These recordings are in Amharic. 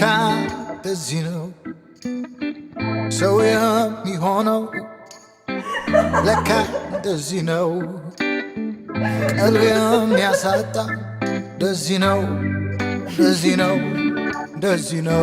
ለካ በዚህ ነው ሰው የሚሆነው ለካ እንደዚህ ነው ቀልብ የሚያሳጣ እንደዚህ ነው እንደዚህ ነው እንደዚህ ነው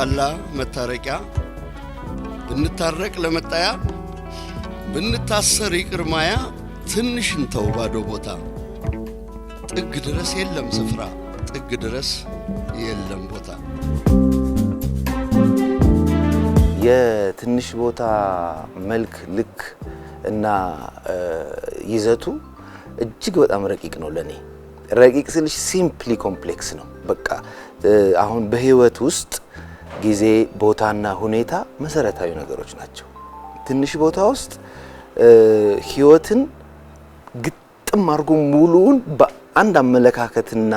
ብንጣላ መታረቂያ፣ ብንታረቅ ለመጣያ፣ ብንታሰር ይቅር ማያ። ትንሽ እንተው ባዶ ቦታ፣ ጥግ ድረስ የለም ስፍራ፣ ጥግ ድረስ የለም ቦታ። የትንሽ ቦታ መልክ ልክ እና ይዘቱ እጅግ በጣም ረቂቅ ነው። ለእኔ ረቂቅ ስልሽ ሲምፕሊ ኮምፕሌክስ ነው። በቃ አሁን በህይወት ውስጥ ጊዜ፣ ቦታና ሁኔታ መሰረታዊ ነገሮች ናቸው። ትንሽ ቦታ ውስጥ ህይወትን ግጥም አድርጎ ሙሉውን በአንድ አመለካከትና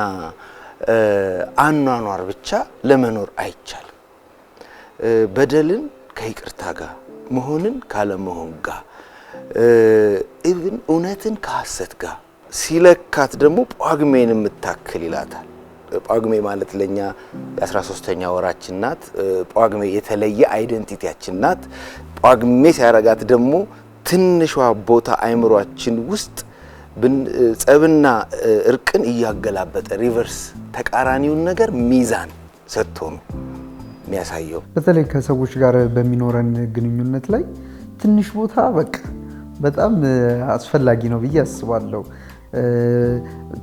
አኗኗር ብቻ ለመኖር አይቻልም። በደልን ከይቅርታ ጋር፣ መሆንን ካለመሆን ጋር፣ ኢቭን እውነትን ከሐሰት ጋር ሲለካት ደግሞ ጳጉሜን የምታክል ይላታል። ጳጉሜ ማለት ለኛ የ13ኛ ወራችን ናት። ጳጉሜ የተለየ አይደንቲቲያችን ናት። ጳጉሜ ሲያረጋት ደግሞ ትንሿ ቦታ አይምሯችን ውስጥ ጸብና እርቅን እያገላበጠ ሪቨርስ ተቃራኒውን ነገር ሚዛን ሰጥቶ ነው የሚያሳየው። በተለይ ከሰዎች ጋር በሚኖረን ግንኙነት ላይ ትንሽ ቦታ በቃ በጣም አስፈላጊ ነው ብዬ አስባለሁ።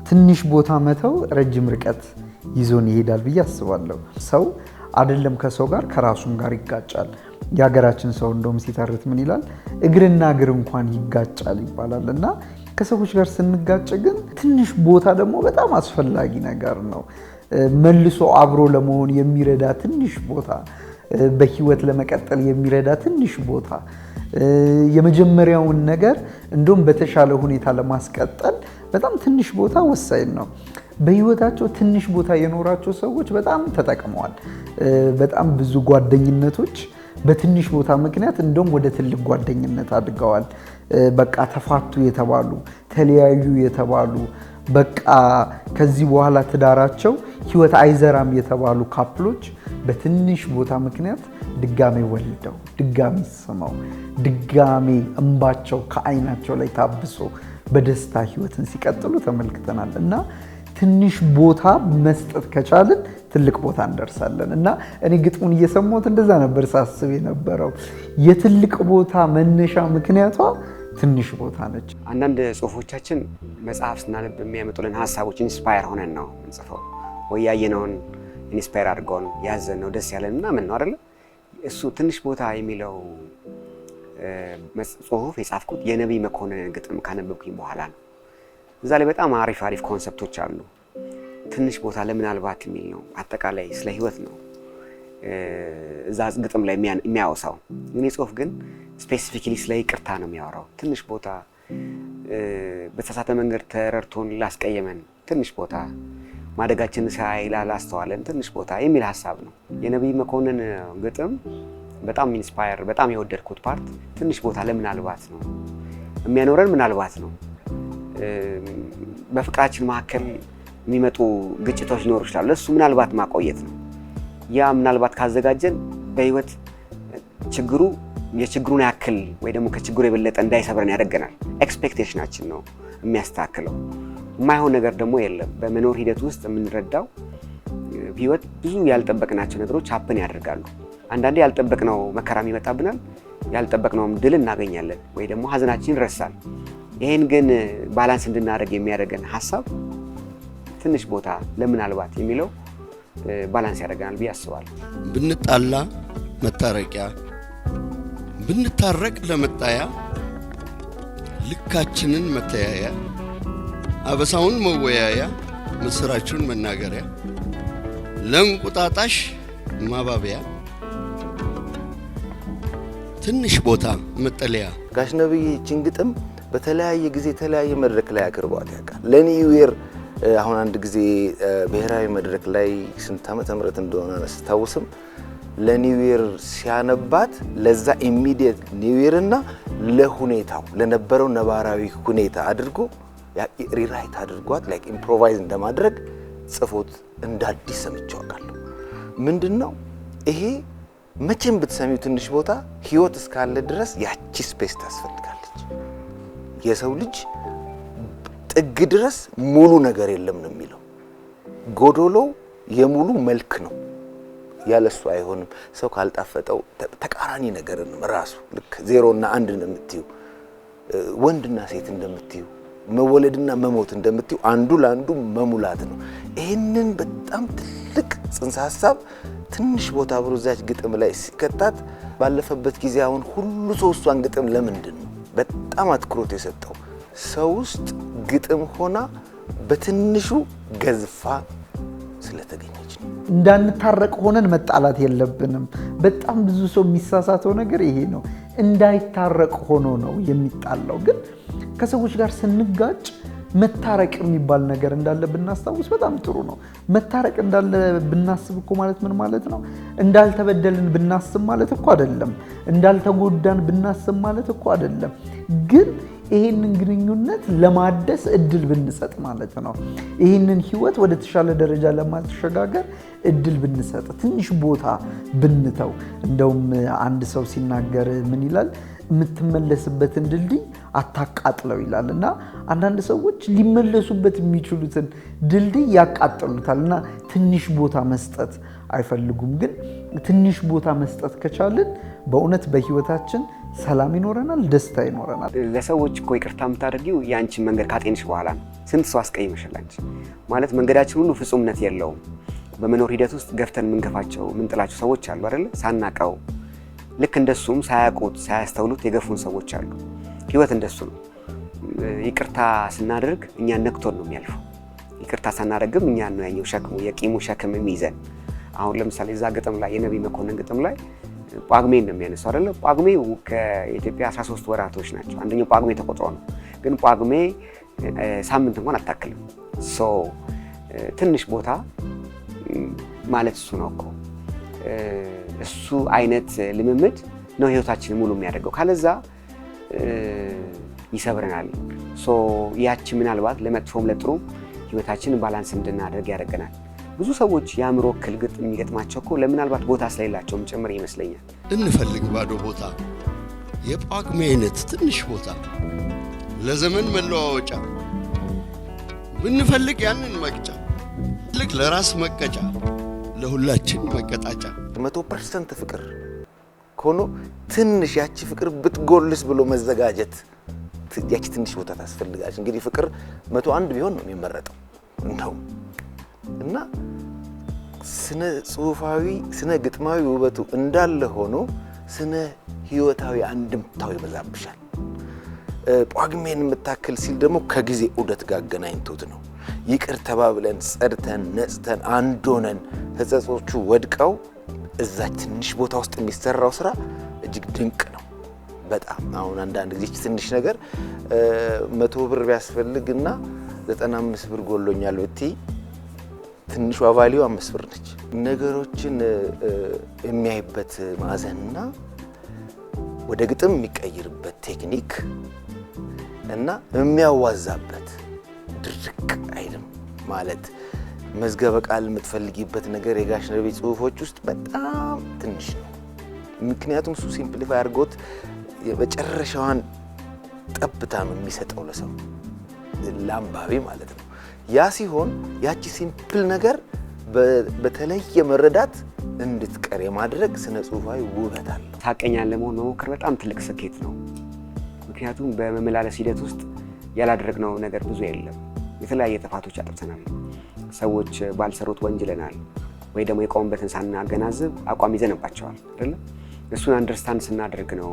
ትንሽ ቦታ መተው ረጅም ርቀት ይዞን ይሄዳል ብዬ አስባለሁ። ሰው አይደለም ከሰው ጋር ከራሱም ጋር ይጋጫል። የሀገራችን ሰው እንደውም ሲተርት ምን ይላል? እግርና እግር እንኳን ይጋጫል ይባላል እና ከሰዎች ጋር ስንጋጭ ግን ትንሽ ቦታ ደግሞ በጣም አስፈላጊ ነገር ነው። መልሶ አብሮ ለመሆን የሚረዳ ትንሽ ቦታ፣ በህይወት ለመቀጠል የሚረዳ ትንሽ ቦታ፣ የመጀመሪያውን ነገር እንደውም በተሻለ ሁኔታ ለማስቀጠል በጣም ትንሽ ቦታ ወሳኝ ነው። በህይወታቸው ትንሽ ቦታ የኖራቸው ሰዎች በጣም ተጠቅመዋል። በጣም ብዙ ጓደኝነቶች በትንሽ ቦታ ምክንያት እንደውም ወደ ትልቅ ጓደኝነት አድገዋል። በቃ ተፋቱ የተባሉ ተለያዩ የተባሉ በቃ ከዚህ በኋላ ትዳራቸው ህይወት አይዘራም የተባሉ ካፕሎች በትንሽ ቦታ ምክንያት ድጋሜ ወልደው ድጋሜ ስመው ድጋሜ እንባቸው ከአይናቸው ላይ ታብሶ በደስታ ህይወትን ሲቀጥሉ ተመልክተናል እና ትንሽ ቦታ መስጠት ከቻልን ትልቅ ቦታ እንደርሳለን እና እኔ ግጥሙን እየሰማሁት እንደዛ ነበር ሳስብ የነበረው። የትልቅ ቦታ መነሻ ምክንያቷ ትንሽ ቦታ ነች። አንዳንድ ጽሁፎቻችን መጽሐፍ ስናነብ የሚያመጡልን ሀሳቦች ኢንስፓየር ሆነን ነው ምንጽፈው ወይ ያየነውን ኢንስፓየር አድርገውን ያዘን ነው ደስ ያለን ምናምን ነው አይደለ? እሱ ትንሽ ቦታ የሚለው ጽሁፍ የጻፍኩት የነቢይ መኮንን ግጥም ካነበብኩኝ በኋላ ነው። እዛ ላይ በጣም አሪፍ አሪፍ ኮንሰፕቶች አሉ። ትንሽ ቦታ ለምናልባት የሚል ነው። አጠቃላይ ስለ ህይወት ነው እዛ ግጥም ላይ የሚያወሳው። እኔ ጽሁፍ ግን ስፔሲፊክሊ ስለ ይቅርታ ነው የሚያወራው። ትንሽ ቦታ በተሳሳተ መንገድ ተረድቶን ላስቀየመን ትንሽ ቦታ ማደጋችን ሳይላ ላስተዋለን ትንሽ ቦታ የሚል ሀሳብ ነው የነቢይ መኮንን ግጥም በጣም ኢንስፓየር በጣም የወደድኩት ፓርት ትንሽ ቦታ ለምናልባት ነው የሚያኖረን ምናልባት ነው። በፍቅራችን መካከል የሚመጡ ግጭቶች ሊኖሩ ይችላሉ። እሱ ምናልባት ማቆየት ነው። ያ ምናልባት ካዘጋጀን በህይወት ችግሩ የችግሩን ያክል ወይ ደግሞ ከችግሩ የበለጠ እንዳይሰብረን ያደርገናል። ኤክስፔክቴሽናችን ነው የሚያስተካክለው። የማይሆን ነገር ደግሞ የለም። በመኖር ሂደት ውስጥ የምንረዳው ህይወት ብዙ ያልጠበቅናቸው ነገሮች ሀፕን ያደርጋሉ። አንዳንዴ ያልጠበቅነው መከራም ይመጣብናል፣ ያልጠበቅነውም ድል እናገኛለን፣ ወይ ደግሞ ሀዘናችን ይረሳል። ይህን ግን ባላንስ እንድናደርግ የሚያደርገን ሀሳብ ትንሽ ቦታ ለምናልባት የሚለው ባላንስ ያደርገናል ብዬ አስባለሁ። ብንጣላ መታረቂያ፣ ብንታረቅ ለመጣያ፣ ልካችንን መተያያ፣ አበሳውን መወያያ፣ ምስራችሁን መናገሪያ፣ ለእንቁጣጣሽ ማባቢያ ትንሽ ቦታ መጠለያ ጋሽ ነብይ ይህችን በተለያየ ጊዜ የተለያየ መድረክ ላይ አቅርበዋት ያውቃል። ለኒው አሁን አንድ ጊዜ ብሔራዊ መድረክ ላይ ስንት ዓመተ ምህረት እንደሆነ አስታውስም ለኒው ሲያነባት ለዛ ኢሚዲየት ኒው ይር እና ለሁኔታው ለነበረው ነባራዊ ሁኔታ አድርጎ ሪራይት አድርጓት ላይክ ኢምፕሮቫይዝ እንደማድረግ ጽፎት እንዳዲስ ሰምቼዋለሁ። ምንድን ነው ይሄ መቼም ብትሰሚው ትንሽ ቦታ ህይወት እስካለ ድረስ ያቺ ስፔስ ታስፈልጋለች። የሰው ልጅ ጥግ ድረስ ሙሉ ነገር የለም ነው የሚለው። ጎዶሎው የሙሉ መልክ ነው። ያለሱ አይሆንም። ሰው ካልጣፈጠው ተቃራኒ ነገርን ራሱ ልክ ዜሮና አንድ እንደምትዩ ወንድና ሴት እንደምትዩ መወለድና መሞት እንደምትዩ አንዱ ለአንዱ መሙላት ነው። ይህንን በጣም ትልቅ ጽንሰ ሀሳብ ትንሽ ቦታ አብሮ እዛች ግጥም ላይ ሲከታት ባለፈበት ጊዜ አሁን ሁሉ ሰው እሷን ግጥም ለምንድን ነው በጣም አትኩሮት የሰጠው? ሰው ውስጥ ግጥም ሆና በትንሹ ገዝፋ ስለተገኘች ነው። እንዳንታረቅ ሆነን መጣላት የለብንም። በጣም ብዙ ሰው የሚሳሳተው ነገር ይሄ ነው። እንዳይታረቅ ሆኖ ነው የሚጣላው። ግን ከሰዎች ጋር ስንጋጭ መታረቅ የሚባል ነገር እንዳለ ብናስታውስ በጣም ጥሩ ነው። መታረቅ እንዳለ ብናስብ እኮ ማለት ምን ማለት ነው? እንዳልተበደልን ብናስብ ማለት እኮ አይደለም። እንዳልተጎዳን ብናስብ ማለት እኮ አይደለም። ግን ይህንን ግንኙነት ለማደስ እድል ብንሰጥ ማለት ነው። ይህንን ህይወት ወደ ተሻለ ደረጃ ለማሸጋገር እድል ብንሰጥ፣ ትንሽ ቦታ ብንተው። እንደውም አንድ ሰው ሲናገር ምን ይላል? የምትመለስበትን ድልድይ አታቃጥለው ይላል እና አንዳንድ ሰዎች ሊመለሱበት የሚችሉትን ድልድይ ያቃጥሉታል እና ትንሽ ቦታ መስጠት አይፈልጉም። ግን ትንሽ ቦታ መስጠት ከቻልን በእውነት በህይወታችን ሰላም ይኖረናል፣ ደስታ ይኖረናል። ለሰዎች እኮ ይቅርታ የምታደርጊው የአንቺን መንገድ ካጤንሽ በኋላ ነው። ስንት ሰው አስቀይመሻል አንቺ። ማለት መንገዳችን ሁሉ ፍጹምነት የለውም። በመኖር ሂደት ውስጥ ገፍተን የምንገፋቸው የምንጥላቸው ሰዎች አሉ አይደለ ሳናቀው ልክ እንደሱም ሳያውቁት ሳያስተውሉት የገፉን ሰዎች አሉ። ህይወት እንደሱ ነው። ይቅርታ ስናደርግ እኛን ነክቶን ነው የሚያልፈው። ይቅርታ ሳናደርግም እኛን ነው ያኛው ሸክሙ የቂሙ ሸክም የሚይዘን። አሁን ለምሳሌ እዛ ግጥም ላይ የነቢይ መኮንን ግጥም ላይ ጳጉሜን ነው የሚያነሱ አይደለ? ጳጉሜ ከኢትዮጵያ 13 ወራቶች ናቸው። አንደኛው ጳጉሜ ተቆጥሮ ነው። ግን ጳጉሜ ሳምንት እንኳን አታክልም። ሶ ትንሽ ቦታ ማለት እሱ ነው እኮ እሱ አይነት ልምምድ ነው ህይወታችንን ሙሉ የሚያደርገው። ካለዛ ይሰብረናል። ያቺ ምናልባት ለመጥፎም ለጥሩ ህይወታችንን ባላንስ እንድናደርግ ያደርገናል። ብዙ ሰዎች የአእምሮ እክል የሚገጥማቸው እኮ ለምናልባት ቦታ ስለሌላቸውም ጭምር ይመስለኛል። እንፈልግ ባዶ ቦታ፣ የጳጉሜ አይነት ትንሽ ቦታ ለዘመን መለዋወጫ ብንፈልግ ያንን መቅጫ ልክ ለራስ መቀጫ ለሁላችን መቀጣጫ መቶ ፐርሰንት ፍቅር ሆኖ ትንሽ ያቺ ፍቅር ብትጎልስ ብሎ መዘጋጀት ያቺ ትንሽ ቦታ ታስፈልጋለች። እንግዲህ ፍቅር መቶ አንድ ቢሆን ነው የሚመረጠው እንደው እና ስነ ጽሁፋዊ ስነ ግጥማዊ ውበቱ እንዳለ ሆኖ ስነ ህይወታዊ አንድምታው ይበዛብሻል። ጳጉሜን የምታክል ሲል ደግሞ ከጊዜ ዑደት ጋር አገናኝቶት ነው ይቅር ተባብለን ጸድተን ነጽተን አንዶነን ሆነን ወድቀው እዛች ትንሽ ቦታ ውስጥ የሚሰራው ስራ እጅግ ድንቅ ነው። በጣም አሁን አንዳንድ ጊዜ ትንሽ ነገር መቶ ብር ቢያስፈልግና ዘጠና አምስት ብር ጎሎኛል ብቲ ትንሿ ቫሊዩ አምስት ብር ነች። ነገሮችን የሚያይበት ማዕዘንና ወደ ግጥም የሚቀይርበት ቴክኒክ እና የሚያዋዛበት ድርቅ ማለት መዝገበ ቃል የምትፈልጊበት ነገር የጋሽ ነርቤ ጽሁፎች ውስጥ በጣም ትንሽ ነው። ምክንያቱም እሱ ሲምፕሊፋይ አድርጎት የመጨረሻዋን ጠብታ ነው የሚሰጠው ለሰው ለአንባቢ ማለት ነው። ያ ሲሆን ያቺ ሲምፕል ነገር በተለየ መረዳት እንድትቀር የማድረግ ስነ ጽሁፋዊ ውበት አለው። ሳቀኛ ለመሆን መሞከር በጣም ትልቅ ስኬት ነው። ምክንያቱም በመመላለስ ሂደት ውስጥ ያላደረግነው ነገር ብዙ የለም። የተለያየ ጥፋቶች አጥፍተናል። ሰዎች ባልሰሩት ወንጅለናል፣ ወይ ደግሞ የቆሙበትን ሳናገናዝብ አቋም ይዘንባቸዋል አይደለ? እሱን አንደርስታንድ ስናደርግ ነው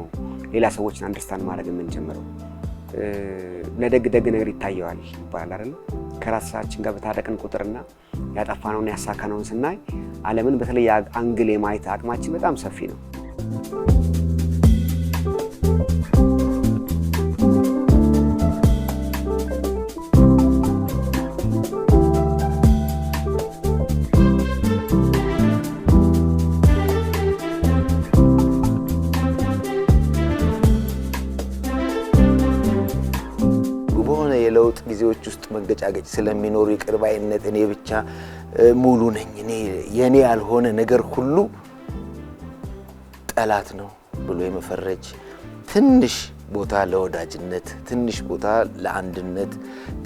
ሌላ ሰዎችን አንደርስታንድ ማድረግ የምንጀምረው። ለደግ ደግ ነገር ይታየዋል ይባላል አይደለ? ከራሳችን ጋር በታረቅን ቁጥርና ያጠፋነውን ያሳካነውን ስናይ ዓለምን በተለየ አንግል የማየት አቅማችን በጣም ሰፊ ነው። የለውጥ ጊዜዎች ውስጥ መገጫገጭ ስለሚኖሩ የቅርባይነት እኔ ብቻ ሙሉ ነኝ፣ እኔ የእኔ ያልሆነ ነገር ሁሉ ጠላት ነው ብሎ የመፈረጅ ትንሽ ቦታ ለወዳጅነት፣ ትንሽ ቦታ ለአንድነት፣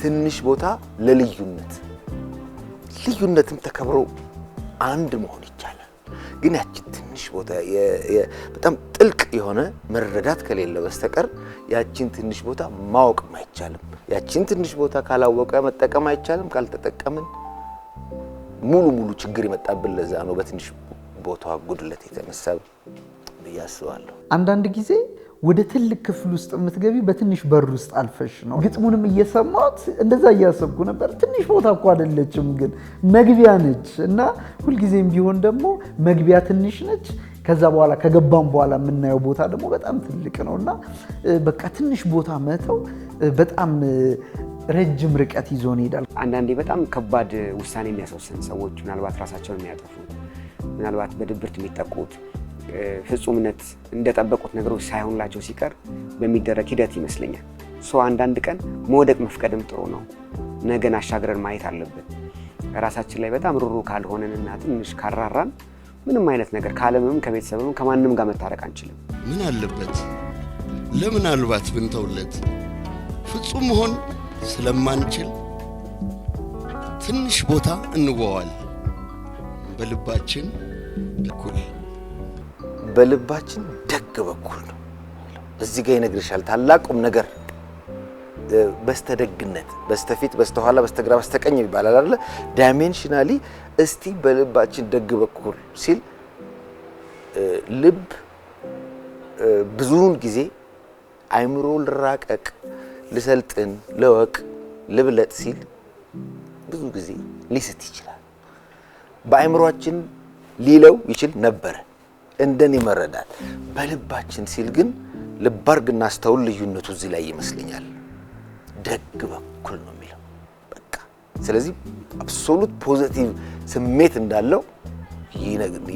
ትንሽ ቦታ ለልዩነት፣ ልዩነትም ተከብሮ አንድ መሆን ይቻላል። ግን ያችን ትንሽ ቦታ በጣም ጥልቅ የሆነ መረዳት ከሌለ በስተቀር ያቺን ትንሽ ቦታ ማወቅም አይቻልም። ያችን ትንሽ ቦታ ካላወቀ መጠቀም አይቻልም። ካልተጠቀምን ሙሉ ሙሉ ችግር የመጣብን ለዛ ነው፣ በትንሽ ቦታ ጉድለት የተነሳ ብዬ አስባለሁ። አንዳንድ ጊዜ ወደ ትልቅ ክፍል ውስጥ የምትገቢ በትንሽ በር ውስጥ አልፈሽ ነው። ግጥሙንም እየሰማት እንደዛ እያሰብኩ ነበር። ትንሽ ቦታ እኮ አይደለችም፣ ግን መግቢያ ነች እና ሁልጊዜም ቢሆን ደግሞ መግቢያ ትንሽ ነች። ከዛ በኋላ ከገባም በኋላ የምናየው ቦታ ደግሞ በጣም ትልቅ ነው እና በቃ ትንሽ ቦታ መተው በጣም ረጅም ርቀት ይዞን ይሄዳል። አንዳንዴ በጣም ከባድ ውሳኔ የሚያስወስን ሰዎች ምናልባት ራሳቸውን የሚያጠፉት ምናልባት በድብርት የሚጠቁት ፍጹምነት እንደጠበቁት ነገሮች ሳይሆንላቸው ሲቀር በሚደረግ ሂደት ይመስለኛል። ሰው አንዳንድ ቀን መውደቅ መፍቀድም ጥሩ ነው። ነገን አሻግረን ማየት አለብን። ራሳችን ላይ በጣም ሩሩ ካልሆነንና ትንሽ ካራራን ምንም አይነት ነገር ከዓለምም ከቤተሰብም ከማንም ጋር መታረቅ አንችልም። ምን አለበት ለምናልባት ብንተውለት። ፍጹም መሆን ስለማንችል ትንሽ ቦታ እንዋዋል በልባችን እኩል በልባችን ደግ በኩል ነው። እዚህ ጋር ይነግርሻል ታላቁም ነገር በስተደግነት በስተፊት፣ በስተኋላ፣ በስተግራ፣ በስተቀኝ ይባላል አለ ዳይሜንሽናሊ እስቲ በልባችን ደግ በኩል ሲል ልብ ብዙውን ጊዜ አይምሮ ልራቀቅ፣ ልሰልጥን፣ ለወቅ፣ ልብለጥ ሲል ብዙ ጊዜ ሊስት ይችላል። በአይምሯችን ሊለው ይችል ነበረ። እንደኔ መረዳት በልባችን ሲል ግን ልብ እናስተውል። ልዩነቱ እዚህ ላይ ይመስለኛል። ደግ በኩል ነው የሚለው በቃ። ስለዚህ አብሶሉት ፖዘቲቭ ስሜት እንዳለው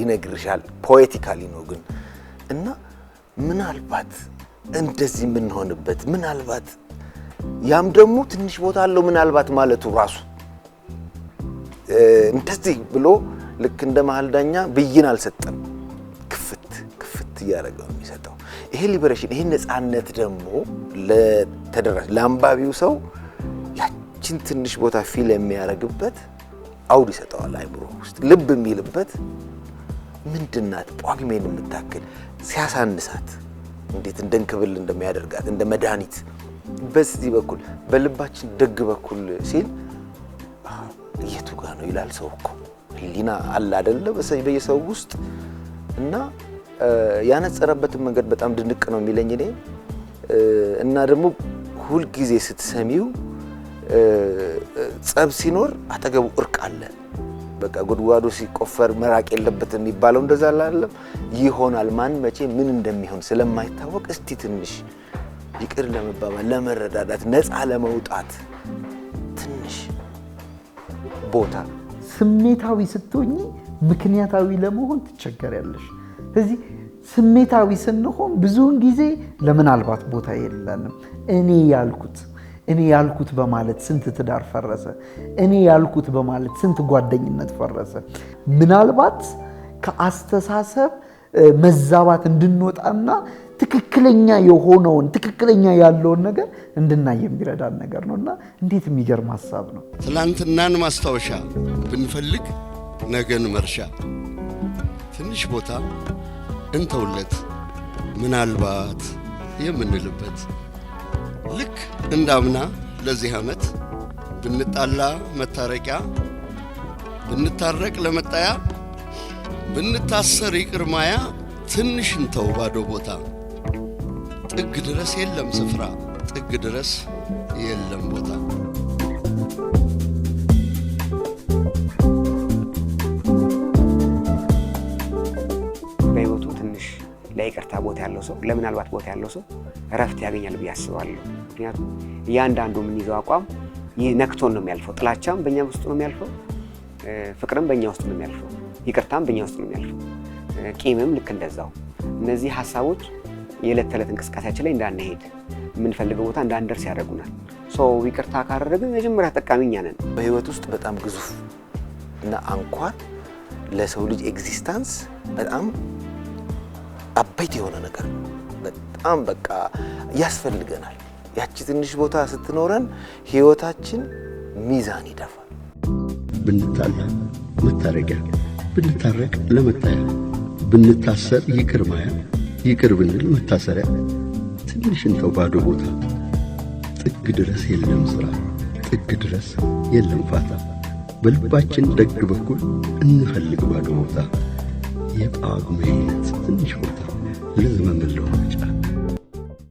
ይነግርሻል። ፖኤቲካሊ ነው ግን እና ምናልባት እንደዚህ የምንሆንበት ምናልባት ያም ደግሞ ትንሽ ቦታ አለው ምናልባት ማለቱ ራሱ እንደዚህ ብሎ ልክ እንደ መሀል ዳኛ ብይን አልሰጠም። ነው የሚሰጠው ይሄ ሊበሬሽን ይሄ ነፃነት ደግሞ ለተደራሽ ለአንባቢው ሰው ያችን ትንሽ ቦታ ፊል የሚያደርግበት አውድ ይሰጠዋል። አይምሮ ውስጥ ልብ የሚልበት ምንድናት ጳጉሜን የምታክል ሲያሳንሳት እንዴት እንደ እንክብል እንደሚያደርጋት እንደ መድኃኒት በዚህ በኩል በልባችን ደግ በኩል ሲል የቱ ጋ ነው ይላል ሰው እኮ ህሊና አለ አደለ በየሰው ውስጥ እና ያነጸረበትን መንገድ በጣም ድንቅ ነው የሚለኝ እኔ እና ደግሞ ሁልጊዜ ስትሰሚው ጸብ ሲኖር አጠገቡ እርቅ አለ። በቃ ጉድጓዱ ሲቆፈር መራቅ የለበት የሚባለው እንደዛ አላለም። ይሆናል ማን መቼ ምን እንደሚሆን ስለማይታወቅ እስቲ ትንሽ ይቅር ለመባባል፣ ለመረዳዳት፣ ነፃ ለመውጣት ትንሽ ቦታ ስሜታዊ ስትሆኚ ምክንያታዊ ለመሆን ትቸገሪያለሽ። ስለዚህ ስሜታዊ ስንሆን ብዙውን ጊዜ ለምናልባት ቦታ የለንም። እኔ ያልኩት እኔ ያልኩት በማለት ስንት ትዳር ፈረሰ፣ እኔ ያልኩት በማለት ስንት ጓደኝነት ፈረሰ። ምናልባት ከአስተሳሰብ መዛባት እንድንወጣና ትክክለኛ የሆነውን ትክክለኛ ያለውን ነገር እንድናይ የሚረዳን ነገር ነው እና እንዴት የሚገርም ሀሳብ ነው። ትላንትናን ማስታወሻ ብንፈልግ ነገን መርሻ ትንሽ ቦታ እንተውለት ምናልባት የምንልበት ልክ እንዳምና ለዚህ ዓመት ብንጣላ መታረቂያ ብንታረቅ ለመጣያ ብንታሰር ይቅር ማያ ትንሽ እንተው ባዶ ቦታ ጥግ ድረስ የለም ስፍራ ጥግ ድረስ የለም ቦታ ለይቅርታ ቦታ ያለው ሰው፣ ለምናልባት ቦታ ያለው ሰው እረፍት ያገኛል ብዬ አስባለሁ። ምክንያቱም እያንዳንዱ የምንይዘው አቋም ነክቶን ነው የሚያልፈው። ጥላቻም በእኛ ውስጥ ነው የሚያልፈው፣ ፍቅርም በእኛ ውስጥ ነው የሚያልፈው፣ ይቅርታም በእኛ ውስጥ ነው የሚያልፈው፣ ቂምም ልክ እንደዛው። እነዚህ ሀሳቦች የዕለት ተዕለት እንቅስቃሴያችን ላይ እንዳናሄድ የምንፈልገው ቦታ እንዳንደርስ ያደርጉናል። ሰው ይቅርታ ካደረግን መጀመሪያ ተጠቃሚ እኛ ነን። በህይወት ውስጥ በጣም ግዙፍ እና አንኳር ለሰው ልጅ ኤግዚስታንስ በጣም አበይት የሆነ ነገር በጣም በቃ ያስፈልገናል። ያቺ ትንሽ ቦታ ስትኖረን ህይወታችን ሚዛን ይደፋል። ብንጣላ መታረቂያ፣ ብንታረቅ ለመታያ፣ ብንታሰር ይቅር ማያ፣ ይቅር ብንል መታሰሪያ። ትንሽ እንተው ባዶ ቦታ፣ ጥግ ድረስ የለም ሥራ፣ ጥግ ድረስ የለም ፋታ። በልባችን ደግ በኩል እንፈልግ ባዶ ቦታ፣ የጳጉሜ ትንሽ ቦታ ልዝመምልሆን ይችላል።